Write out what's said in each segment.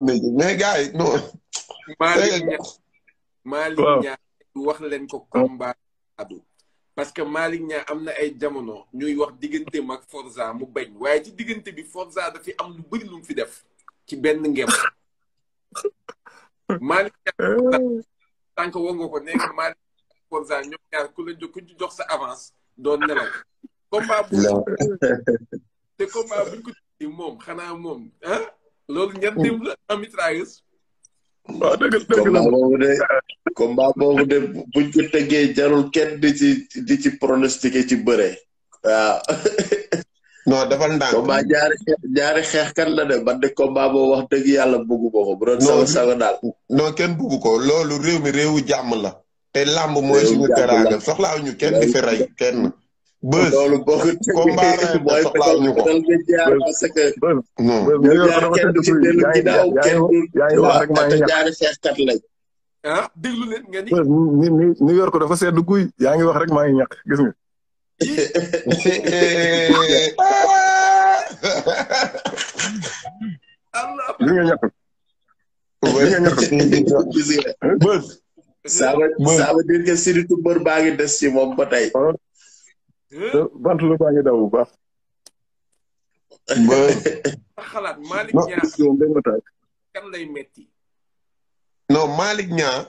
mais gars yi non. Malick Niang wax leen ko combat adu parce que Malick Niang am na ay jamono ñuy wax diggante mag Forza mu bañ waaye ci diggante bi Forza dafi am lu bëri lu fi def ci benn ngem Malick Niang tànk eh. woo nga ko nekk Malick Forza ñoom ñaar ku la jox sa avance doon nelaw combat bu te combat buñ moom xanaa moom ah loolu ñettim mm. la en mitrailleuse. waaw dëgg ko tegee jarul ken di ci di ci pronostiqué ci bëre. waaw. non dafa ndànk. combat ñaari ñaari xeexkat la de man de combat boobu wax dëgg yàlla bëggu ko ko. bu doon sama daal. non kenn bëggu ko loolu réew mi réewu jàmm la. te làmb mooy suñu teraanga soxlaa ñu kenn di fi rey kenn. bës loolu boo ko tëjee mooy parce que. non kenn du ci dellu ginnaaw kenn du waaw te ñaari xeexkat lañ. ni. ni ni New York dafa sedd guy yaa ngi wax rek maa ngi ñàkk gis nga. li nga que Sidi Toumbeur baa ngi des ci moom ba tey. Oh. bant lu baa ngi daw bu baax. xalaat Malick Niang kan lay metti non Malick Niang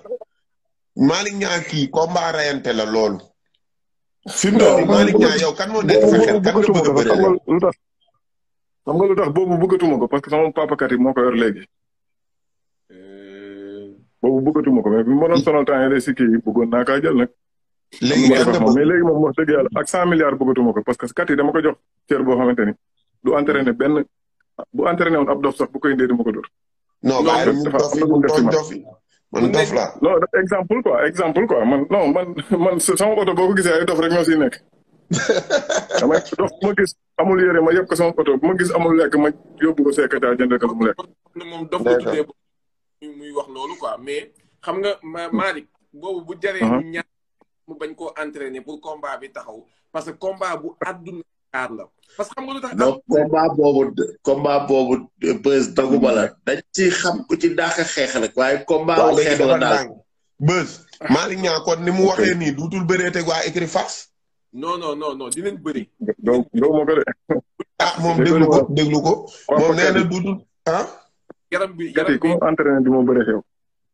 Malick Niang kii combat rayante la loolu. fi mu toll Malick Niang yow kan moo nekk sa nga a bëri lu tax xam ko parce que sama papa kat yi moo ko yor léegi. Euh. boobu bëggatuma ko mais bi ma doon sonal temps yii si kii bëggoon naa kaa léegi mais léegi moom wax dëgg yàlla ak cent milliards bëggatuma ko parce que kat yi dama jox cër boo xamante ni du entraîné benn bu entraîné woon ab dof sax bu koy indee dama ko dóor. non waaye dofi man dof la. non exemple quoi exemple quoi man non man man sama oto boo ko gisee ay dof rek ñoo siy nekk. dama dof bu ma gis amul yére ma yëpp ko sama oto bu ma gis amul lekk ma yóbbu ko secrétaire jënd ko lu mu lekk. moom dof ko tuddee muy wax loolu quoi mais xam nga hmm. Malick boobu bu jaree uh-huh. ñaan mu bañ ko entraîner pour combat bi taxaw parce que combat bu àdduna kaar la parce que xam nga lu tax. non combat boobu combat boobu bës daguma ci xam ku ci daax a xeex rek waaye combat bu xeex la daal bës Malick Niang kon ni mu waxee nii duutul bëree teg waa écrit face non non non non dinañ bëri. donc donc moo bëri. ah moom déglu ko déglu ko. moom nee na duutul ah. yaram bi yaram bi kat yi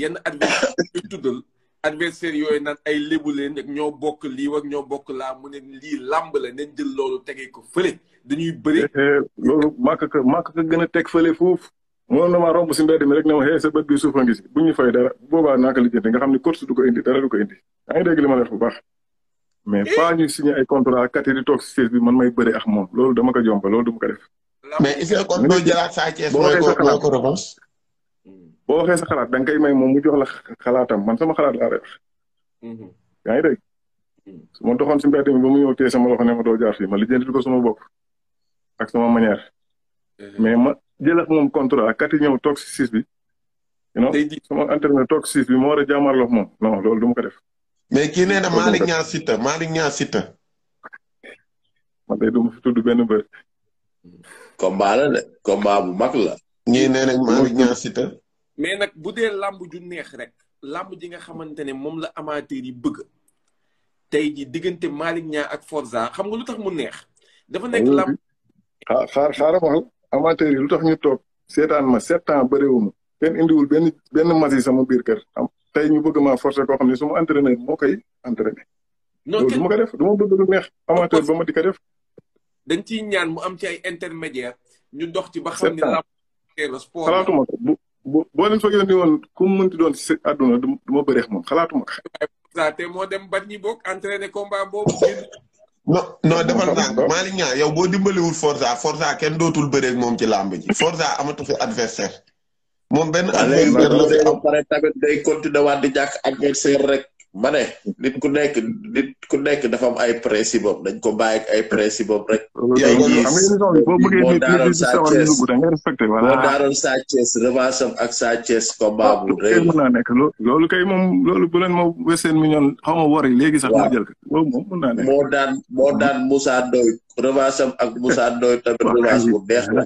yenn adversaire yu yooyu naan ay lébu leen ak ñoo bokk lii ak ñoo bokk laa mu ne lii làmb la nañ jël loolu tegee ko fële dañuy bëri eh, eh, loolu màkk ka màkk ka gën a teg fële foofu mënoon na maa romb si mbedd mi rek ne ma xëy eh, sa bët bi suuf a ngi si fay dara boobaa naa ko lijjanti nga xam ne course du ko indi dara du indi yaa ngi ma la bu baax mais pas ñu signé ay contrat kat yi toog si man may bëri ak moom loolu dama ko jomba loolu dama ko def mais est ko boo waxee sa xalaat da nga may moom mu jox la xalaatam man sama xalaat laa def. Mhm. yaa ngi dégg. Mhm. su ma doxoon si mbedd mi ba mu ñëw sama loxo ne ma doo jaar fii ma lijjanti ko sama bopp ak sama manière. Mhm. mais ma jël ak moom contrat kat yi ñëw toog si siis bi. tey jii sama internet toog siis bi ma war a jàmmarloo moom loolu du ko def. mais kii nee na Malick Niang Siteu Malick Niang Siteu. man de du ma fi tudd benn bër. combat la mag la. ñii na Malick mais nag bu dee làmb ju neex rek làmb ji nga xamante ne moom la amateur yi bëgg tey ji diggante Malick Niang ak Forza xam nga lu tax mu neex dafa nekk mm-hmm. làmb xaar xaaral ma amateur yi lu tax ñu toog seetaan ma sept ans bëriwuma kenn indiwul benn benn masi sama biir kër am tey ñu bëgg maa forcé koo xam ne su ma entraîneur moo koy entraîné loolu du ma ko def du ma bëgg lu neex amateur ba ma di ko def dañ ciy ñaan mu am ci ay intermédiaire ñu dox ci ba xam ne làmb sport bo boo leen fa yónni woon ku si àdduna du ma bëreex moom xalaatuma ko. te moo dem bat ñi bokk entraîné combat boobu. non non defal naa Malick Niang yow boo dimbaliwul Forza Forza kenn dootul bëreeg moom ci làmb ji Forza amatu fi adversaire moom benn adversaire la fi am pare tamit day continuer waat di jàkk adversaire rek. ma ne nit ku nekk nit ku nekk dafa am ay principe boobu dañ ko bàyyi ay principe boobu rek. yaa ngi gis Sa Thiès moo daaroon Sa Thiès revanche am ak Sa Thiès combat ah, bu rëy mën naa nekk loolu kay moom loolu bu leen moo weseen mi ñoon xaw léegi sax ma jël moo daan moo daan Moussa Ndoye revanche am ak Moussa Ndoye tamit revanche bu neex la.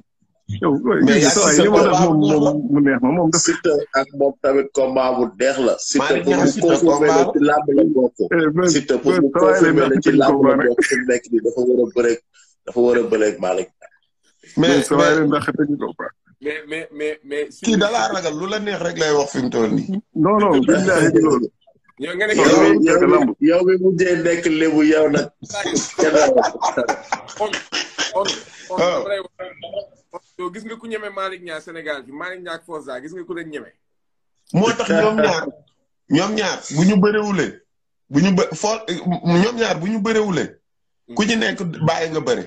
yow mais li ma moom mu neex ma moom. Siteu ak moom tamit combat ba deex la. Siteu pour mu confirmer la ci làmb la bokk. Eh, Siteu pour la ci làmb la bokk fi mu nekk nii dafa war a bëreeg dafa war a bëreeg lu la neex rek lay wax fi mu toll nii. non non billahi loolu. yow nga yow gis nga ku ñeme Malick Niang Sénégal bi Malick Niang ak Forza gis nga ku leen ñeme. moo tax ñoom ñaar ñoom ñaar bu ñu bëriwulee bu ñu bë for ñoom ñaar bu ñu bëriwulee ku ci nekk bàyyi nga bëri.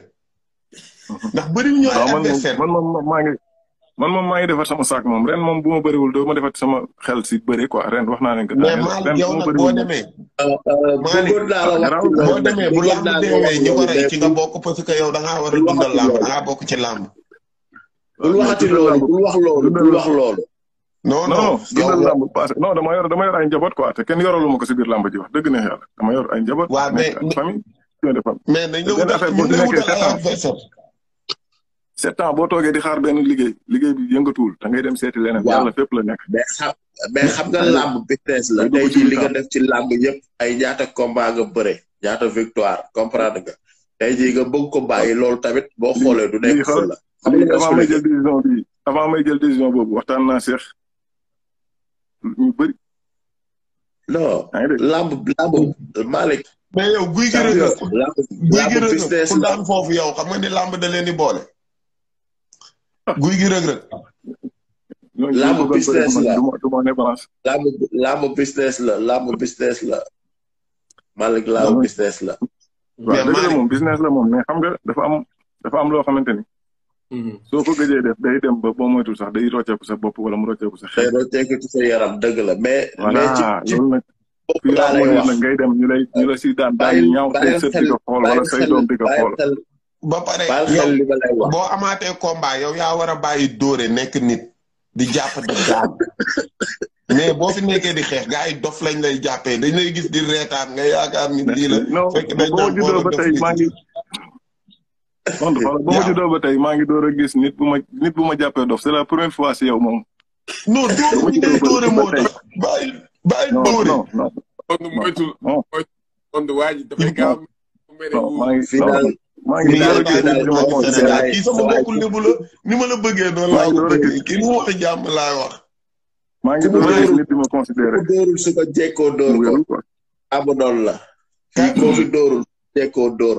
ndax bëriwul ñooy adversaire man moom maa ngi man moom maa ngi defar sama saak moom ren moom bu ma bëriwul doo ma defar sama xel si bëri quoi ren wax naa ne que. mais Malick yow boo demee. Euh, euh, Malick boo demee bu làmb demee ñu a ci nga bokk parce que yow da ngaa war a dundal làmb da ngaa bokk ci làmb. bul waxati loolu bul wax loolu bul wax loolu. non non dama yor dama yor ay njaboot quoi te kenn yoralu ma ko si biir làmb ji wax dëgg na yàlla dama yor ay njaboot. waaw mais mais nañ la wutal affaire sept ans boo toogee di xaar benn liggéey liggéey bi yëngatuwul da ngay dem seeti leneen. waaw yàlla fépp la nekk. mais xam mais xam nga làmb business la tey jii li ci làmb yëpp. ay ñaata combat nga bëre ñaata victoire comprendre nga tey jii nga bëgg ko bàyyi loolu tamit boo xoolee du nekk ful la avant may jël décision bi avant may jël décision boobu waxtaan naa seex ñu bëri. non lamb lamb Malick. mais yow guy gi rëgg guy ni lamb da leen di boole. guy gi rëgg rëgg. lamb business la lamb lamb business la lamb la. Malick lamb business la. waaw moom business xam nga dafa am dafa am loo xamante ni. Mm-hmm. soo ko gëjee def day dem ba boo moytu sax day rocceeku sa bopp wala mu rocceeku sa xel. day rocceeku sa yaram dëgg la mais. mais ci loolu nag. bopp laa lay ngay dem ñu lay ñu si daan daan ñaaw say sët di ko xool wala say doom di ko xool. ba pare yow boo amaatee combat yow yaa war a bàyyi dóore nekk nit di jàpp di gaal mais boo fi nekkee di xeex gars yi dof lañ lay jàppee dañ lay gis di reetaan nga yaakaar fekk dañ naan boo ba tontu fa ba ma juddoo ba tey maa ngi door a gis nit bu ma nit bu ma jàppee dof c'est la première fois si yow moom. non dóor bi ngay dóore moo tax bàyyi bàyyi dóore. non non non waa ji dafay gaaw. maa ngi maa ngi door a gis nit bu ma moom kii ma la bëggee noonu laa ko jàmm laa wax. maa ngi door a ma considéré. ku dóorul su ko jekkoo dóor ko. abu dóor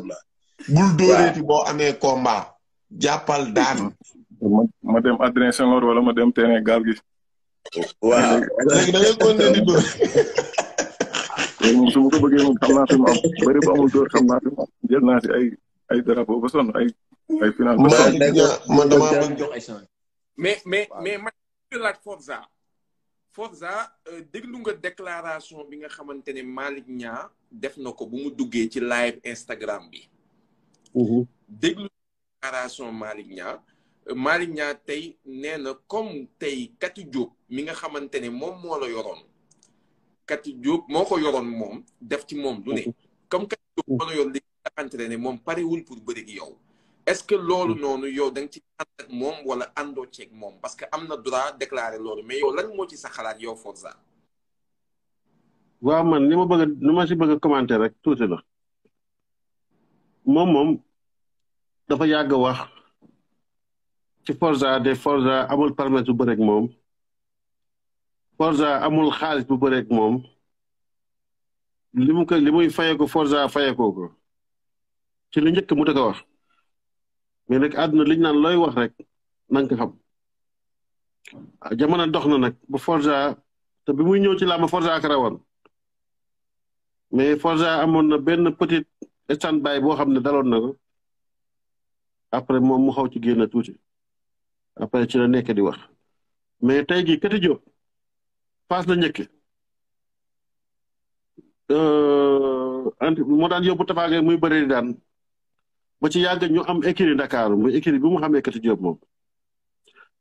la. bul dóoreeti boo amee komba jàppal daan. ma dem Adrien wala ma dem terrain gaal gi. waaw léegi da ko bëggee moom xam naa fi mu am bëri bu amul dóor xam naa fi jox ay changement. mais mais mais ma ñu laaj Forza. Forza euh, déglu nga déclaration bi nga xamante ne Malick Niang def na ko bu mu duggee ci live Instagram bi. déglu déclaration Malick Niang euh, Malick Niang tey nee na comme tey Kati Diop mi nga xamante ne moom moo la yoroon Kati Diop moo ko yoroon moom def ci moom lu ne comme Kati Diop moo la yoroon léegi nga entraîné moom parewul pour bëri gi yow est-ce que loolu noonu yow da nga ci ànd moom wala àndoo ceeg moom parce que am na droit déclarer loolu mais yow lan moo ci sa xalaat yow Forza waaw man li ma bëgg a li ma si bëgg commenter rek tuuti la moom moom dafa yàgg wax ci Forza de Forza amul permis bu bëreeg moom Forza amul xaalis bu bëreeg moom li mu ko li muy fayeeko Forza fayeekoo ko ci lu njëkk mu da ko wax mais nag àdduna liñ naan looy wax rek na nga ko xam ah, dox na nag ba Forza te bi muy ñëw ci làmb Forza ak rawoon mais Forza amoon na benn petite stand baay boo xam ne daloon na ko après moom mu xaw ci génn tuuti après ci la nekk di wax mais tey jii Kati Diop Fass la njëkk euh, anti moo daan yóbbu tabaage muy bëri daan ba ci yàgg ñu am écurie Dakar muy écurie bu mu xamee Kati Diop moom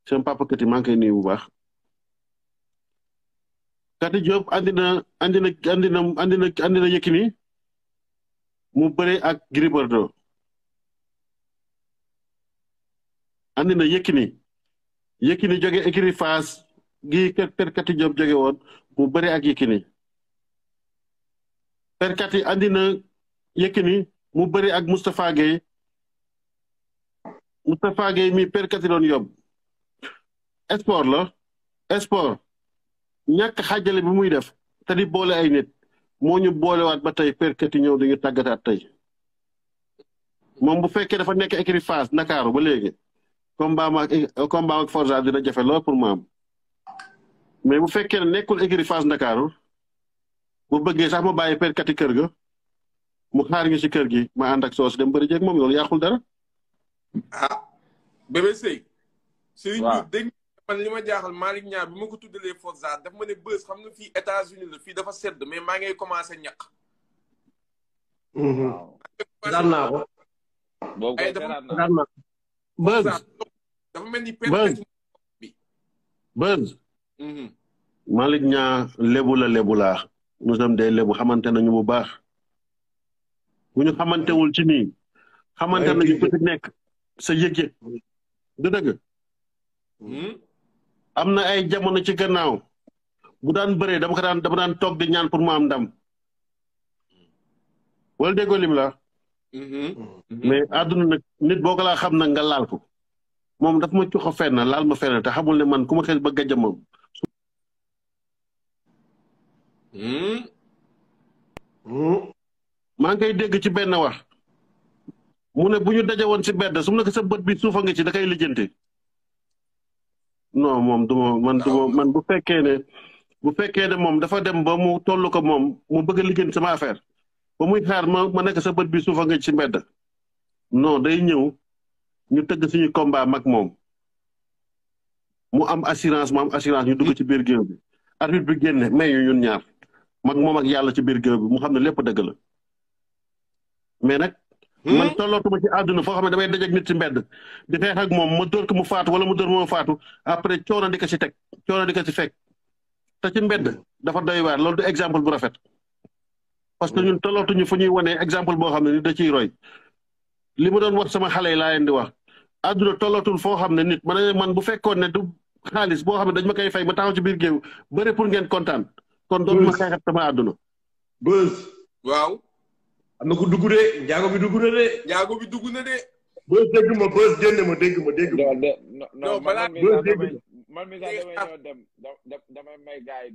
seen papa Kati maa ngi koy nuyu bu baax Kati Diop andi na andi na andi na andi na andi na mu bëre ak Gris Bordeaux andi na Yékini Yékini jóge écurie Fass gi perkati jom jóge woon mu bëre ak yëkkini perkati andi na Yékini mu bëre ak Moustapha Gueye Moustapha Gueye mi perkati doon yob sport la sport ñàkk xaajale bi muy def te di boole ay nit moo ñu boolewaat ba tey perkati ñëw dañu tàggataat tey moom bu fekkee dafa nekk écurie Fass Ndakaaru ba léegi combat ma ak combat ak Forza dina jafe pour mu am mais bu fekkee ne nekkul écurie Fass Ndakaaru bu bëggee sax ma bàyyi perkati kër ga mu xaar ñu si kër gi ma ànd ak soos dem bëri jeeg moom loolu yàqul dara. ah Bébé Sèye. man li ma jaaxal Malick Niang bi ma ko tuddalee Forza daf ma ne bës fii États-Unis la fii dafa sedd mais maa ngay commencé ñàkk. waaw. daan naa ko. la lébu laa. nous sommes des xamante nañu bu baax. bu ñu xamantewul ci nii. xamante nañu ku ci yëg-yëg du dëgg. Mm-hmm. am na ay jamono ci gannaaw bu daan bëree dama ko daan dama daan toog di ñaan pour mu am ndam wala déggoo lim la mm-hmm. Mm-hmm. mais àdduna nag nit boo ko laa xam na nga laal ko moom daf ma cuxa fenn laal ma fenn te xamul ne man ku ma xëy ba gàjja maa ngi koy dégg ci benn wax mu ne bu ñu daje woon ci bedd su mu sa bët bi suufa nga ci da kay lijjanti no moom du ma man ah. man bu fekkee ne bu fekkee ne moom dafa dem ba mu toll ko moom mu bëgg a liggéey sama affaire ba muy xaar ma ma nekk sa bët bi suufa nga ci mbedd non day ñëw ñu tëgg suñu combat mag moom mu am assurance mu am assurance ñu dugg ci biir géew bi arbitre bi génne may ñu ñun ñaar mag moom ak yàlla ci biir géew bi mu xam ne lépp dëgg la mais nag Hmm? man tollootuma ci àdduna foo xam ne da dajeeg nit ci mbedd. di xeex ak moom ma dóor mu faatu wala mu dóor moom faatu après coono di ko si teg coono di ko ci fekk te ci mbedd dafa doy waar loolu du exemple bu rafet. parce que hmm. ñun tollootuñu fu ñuy wanee exemple boo xam ne nit da ciy roy. li ma doon wax sama xale yi laa leen di wax àdduna tollootul foo xam ne nit ma ne man bu fekkoon ne du xaalis boo xam ne dañ ma koy fay ma taxaw ci biir géew bëri pour ngeen kontaan. kon doon ma xeexat sama àdduna. waaw. am na ko dugg de njaago bi dugg na de. njaago bi dugg na de. bës dégg ma bës génne ma dégg ma dégg ma. non man mi sax damay man may gars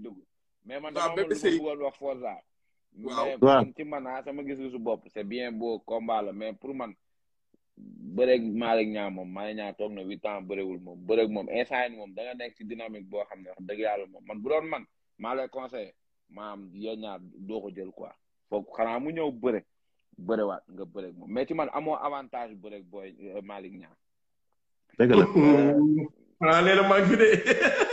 mais man dama bëggoon wax Forza. waaw waaw ci man ah sama gis-gisu bopp c'est bien beau combat la mais pour man. bëreeg Malick Niang moom Malick Niang na huit ans bëreewul moom bëreeg moom instant moom da nga nekk ci dynamique boo xam ne wax dëgg yàlla moom man bu doon man maa lay conseillé maam yéen ñaar doo ko jël quoi foog xanaa mu ñëw bëre bërewaat nga bëreeg moom mais ci man avantage bëreeg booy euh, Malick Niang. dëgg la. ah léegi nag